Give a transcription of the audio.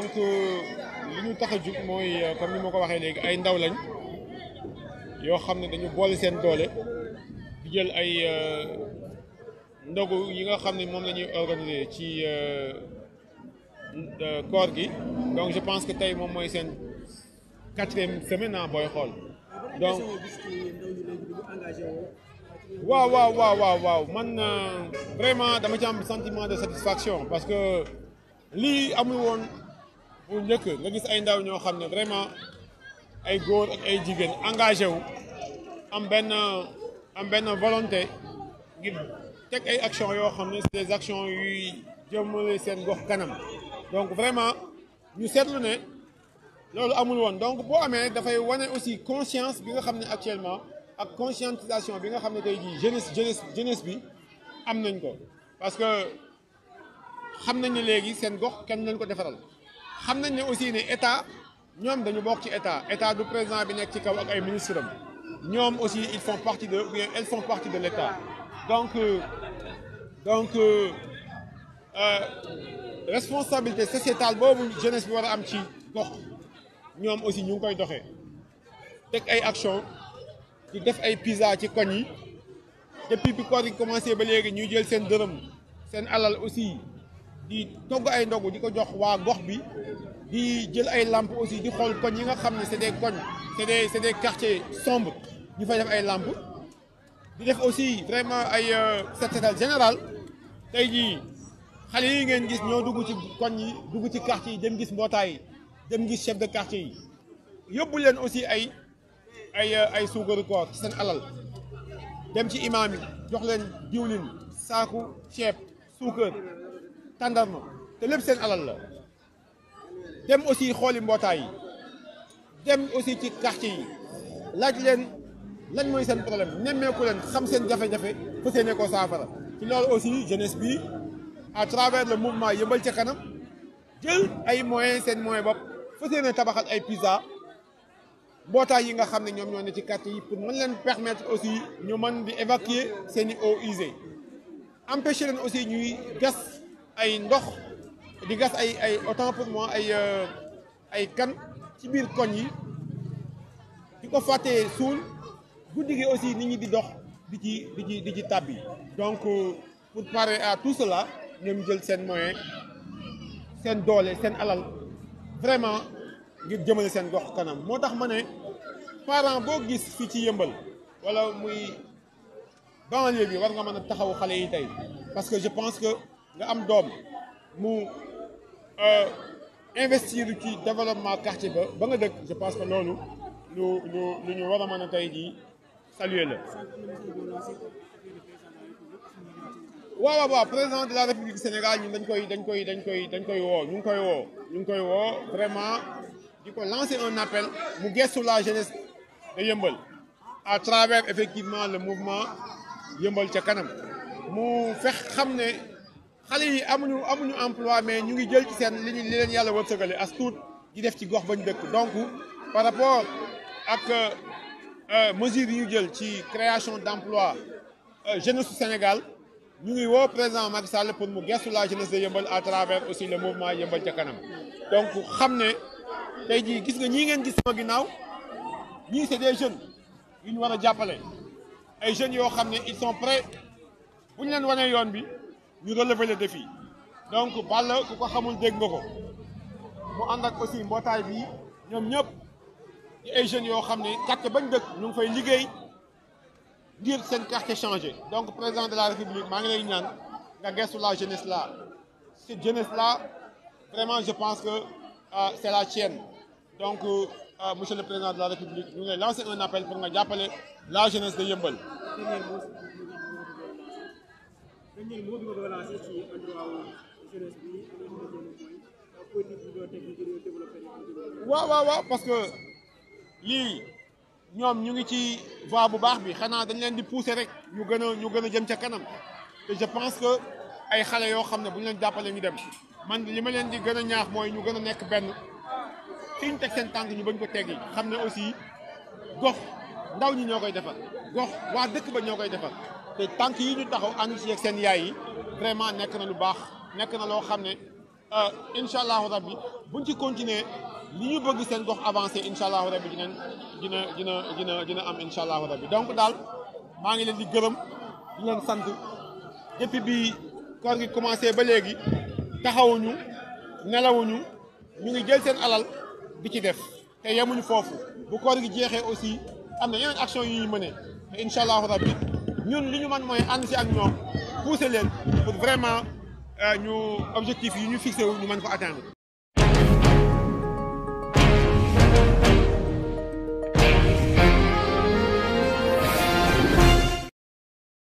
donc euh, li ñu tax a mooy euh, comme ni ma ko waxee léegi ay ndaw lañ yoo xam ne dañu boole seen doole di jël ay euh, ndogu yi nga xam ne moom la ñuy organiser ci koor gi donc je pense que tey moom mooy seen quatrième semaine ah, booy xool donc waaw waaw waaw waaw waaw man vraiment dama ci am sentiment de satisfaction parce que lii amul woon bu njëkk nga gis ay ndaw ñoo xam ne vraiment ay góor ak ay jigéen engagé wu am benn am benn volonté ngir teg ay actions yoo xam ne c'est des actions seen gox kanam donc vraiment ñu seetlu ne loolu amul woon donc boo amee rek dafay wane aussi conscience bi nga xam ne actuellement ak conscientisation bi nga xam ne tey jii jeunesse jeunesse jeunesse bi am nañ ko parce que xam nañ ne léegi seen gox kenn leen ko defaral xam nañ ne aussi ne état ñoom dañu bokk ci état état du président bi nekk ci kaw ak ay ministre am ñoom aussi ils font partie de ou bien elles font partie de donc euh, donc euh, euh, responsabilité sociétale boobu jeunesse bi war a am ci gox ñoom aussi ñu ngi koy doxee teg ay action di def ay pizza ci koñ yi depuis bi koor gi commencé ba léegi ñuy jël seen dërëm seen alal aussi di togg ay ndogu di ko jox waa gox bi di jël ay lampe aussi di xool koñ yi nga xam ne c'est des koñ c'est des c'est des quartiers ñu fa def ay lampe di def aussi vraiment ay set euh, setal général tey jii xale yi ngeen gis ñoo dugg ci koñ yi dugg ci quartier yi dem gis mbootaay yi dem gis chef de quartier yi yóbbu leen aussi ay ay euh, ay suukaru koor ci seen alal dem ci imaam yi jox leen diwlin saaku ceeb suukar tàndarma te lépp seen alal la dem aussi xooli mbootaay yi dem aussi ci quartier yi laaj leen lan mooy seen problème nemmeeku leen xam seen jafe-jafe fas yéene koo saafara ci loolu aussi jeunesse bi à travers la le mouvement yëmbal ci kanam jël ay moyens seen moyen bopp fas yéene tabaxal ay pizza mbootaay yi nga xam ne ñoom ñoo ne ci quartier yi pour mën leen permettre aussi ñu man di évacuer seeni i eaux usées leen aussi ñuy gas ay ndox di gas ay ay autant pour ay euh, ay kan ci biir koñ yi di ko fàttee suul guddi gi aussi nit ñi di dox di ci di ci di ci tàbbi donc euh, pour parer à tout cela ñoom jël seen moyen seen doole seen alal vraiment ngir jëmale seen gox kanam moo tax ma ne parent boo gis fii ci yëmbal wala muy banlieue bi war nga mën a taxaw xale yi tey parce que je pense que nga am doom mu euh, investir ci développement quartier ba ba nga dëkk je pense que loolu lu lu ñu war a mën a tey jii saluer la. waaw président de la république du Sénégal ñun dañ koy dañ koy dañ koy dañ koy woo ñu ngi koy woo ñu ngi koy woo vraiment di ko lancer un appel mu gestu la jeunesse de Yeumbeul à travers effectivement le mouvement Yeumbeul ca kanam mu fex xam ne. xale yi amuñu amuñu emploi mais ñu ngi jël ci seen li ñu li leen yàlla wërsëgale as tuut di def ci gox bañ dëkk donc par rapport ak euh, euh, mesures yi ñu jël ci création d'emploi euh, jeunesse su Sénégal ñu ngi woo président Macky Sall pour mu gestu la jeunesse de Yeumbeul à travers aussi le mouvement Yeumbeul ca kanam donc xam ne tey jii gis nga ñii ngeen gis sama ginnaaw ñii c'est des jeunes yu ñu war a jàppale ay jeunes yoo xam ne ils sont prêts bu ñu leen wanee yoon bi. ñu relever le défi donc Balla ku ko xamul dégg nga ko mu ànd ak aussi mbootaay bi ñoom ñëpp di ay jeunes yoo xam ne quartier bañ dëkk ñu ngi fay liggéey ngir seen quartier changé donc président de la république maa ngi lay ñaan nga gestu la jeunesse là cette jeunesse là vraiment je pense que euh, c'est la tienne donc euh, monsieur le président de la république ñu ngi lay un appel pour nga jàppale la jeunesse de Yeumbeul waaw waaw waaw parce que lii ñoom ñu ngi ci voie bu baax bi xanaa dañ leen di pousser rek ñu gën a ñu gën a jëm ca kanam te je pense que ay xale yoo xam ne bu ñu leen jàppalee ñu dem man li ma leen di gën a ñaax mooy ñu gën a nekk benn fi ñu teg seen tànk ñu bañ ko teggi xam ne aussi gox ndaw ñi ñoo koy defar gox waa dëkk ba ñoo koy defar. te tànk yi ñu taxaw ànd ci ak seen yaay yi vraiment nekk na lu baax nekk na loo xam ne euh, incha allahu rabbi buñ ci continuer li ñu bëgg seen gox avancé incha allahu rabbi dinañ dina dina dina dina am incha allahu rabbi donc daal maa ngi leen di gërëm di leen sant depuis bi koor gi commencé ba léegi taxawuñu nelawuñu ñu ngi jël seen alal di ci def te yemuñu foofu bu koor gi jeexee aussi am na yeneen action yu ñu mënee te incha allahu rabbi ñun li ñu mën mooy ànd si ak ñoom pousser leen pour vraiment euh, ñu objectif yi ñu fixé wu ñu mën ko atteindre